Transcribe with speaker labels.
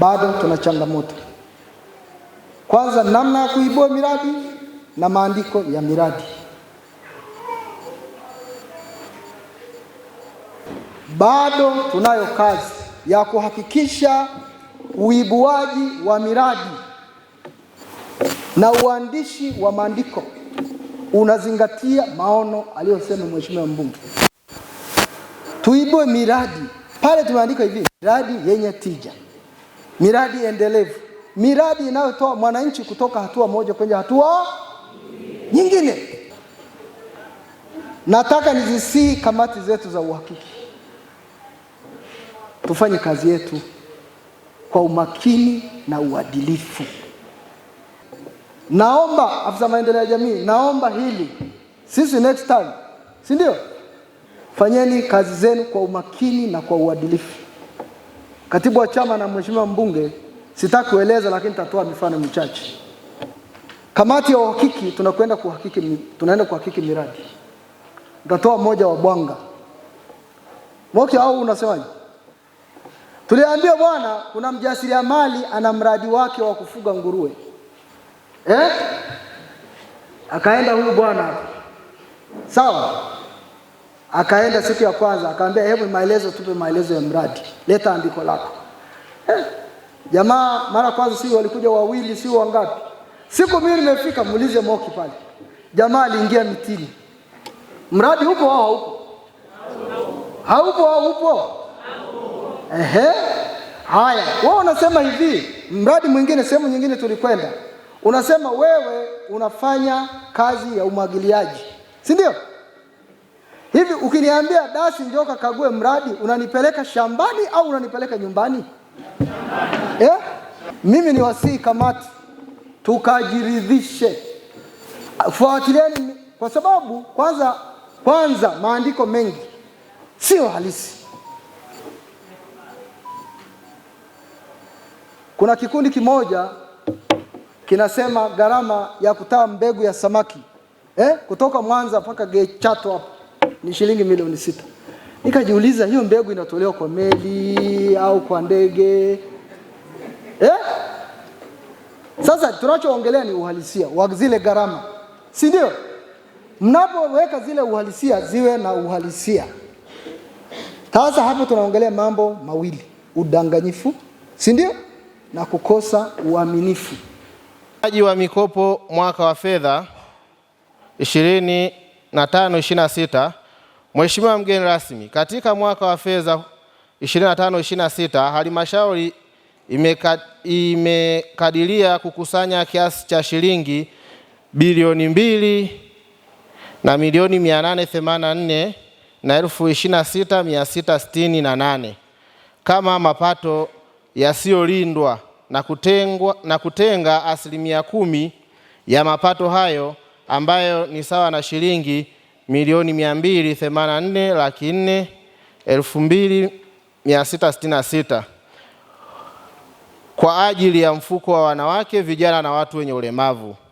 Speaker 1: bado tuna changamoto. Kwanza, namna ya kuibua miradi na maandiko ya miradi. Bado tunayo kazi ya kuhakikisha uibuaji wa miradi na uandishi wa maandiko unazingatia maono aliyosema Mheshimiwa mbunge. Tuibue miradi pale, tumeandika hivi, miradi yenye tija miradi endelevu, miradi inayotoa mwananchi kutoka hatua moja kwenye hatua nyingine. Nataka nizisii kamati zetu za uhakiki, tufanye kazi yetu kwa umakini na uadilifu. Naomba afisa maendeleo ya jamii, naomba hili sisi next time, si ndio? Fanyeni kazi zenu kwa umakini na kwa uadilifu katibu wa chama na mheshimiwa mbunge, sitaki kueleza, lakini tatoa mifano michache. Kamati ya uhakiki tunakwenda kuhakiki, tunaenda kuhakiki miradi, nitatoa mmoja wa Bwanga Moki au unasemaje? Tuliambia bwana, kuna mjasiriamali ana mradi wake wa kufuga nguruwe eh? Akaenda huyu bwana sawa Akaenda siku ya kwanza akamwambia, hebu maelezo, tupe maelezo ya mradi, leta andiko lako. Eh, jamaa mara kwanza si walikuja wawili, si wangapi? Siku mimi nimefika, muulize Moki pale, jamaa aliingia mitini. Mradi upo au haupo? Haupo au upo? Ehe, haya, wewe unasema hivi, mradi mwingine, sehemu nyingine tulikwenda, unasema wewe unafanya kazi ya umwagiliaji, si ndio? Hivi ukiniambia Dasi, njoo kakague mradi, unanipeleka shambani au unanipeleka nyumbani? Eh? Mimi ni wasii kamati, tukajiridhishe, fuatilieni, kwa sababu kwanza kwanza maandiko mengi sio halisi. Kuna kikundi kimoja kinasema gharama ya kutaa mbegu ya samaki eh, kutoka Mwanza mpaka Gechato hapo ni shilingi milioni sita. Nikajiuliza, hiyo mbegu inatolewa kwa meli au kwa ndege eh? Sasa tunachoongelea ni uhalisia wa zile gharama, si ndio? Mnapoweka zile uhalisia ziwe na uhalisia. Sasa hapo tunaongelea mambo mawili, udanganyifu, si ndio, na kukosa uaminifu.
Speaker 2: Aji wa mikopo mwaka wa fedha 25 26 Mheshimiwa mgeni rasmi, katika mwaka wa fedha 25-26 halmashauri imekadiria kukusanya kiasi cha shilingi bilioni mbili na milioni 884 na elfu 26668 kama mapato yasiyolindwa na kutengwa, na kutenga asilimia kumi ya mapato hayo ambayo ni sawa na shilingi milioni nne laki nne elfu mbili mia sita sitini na sita kwa ajili ya mfuko wa wanawake, vijana na watu wenye ulemavu.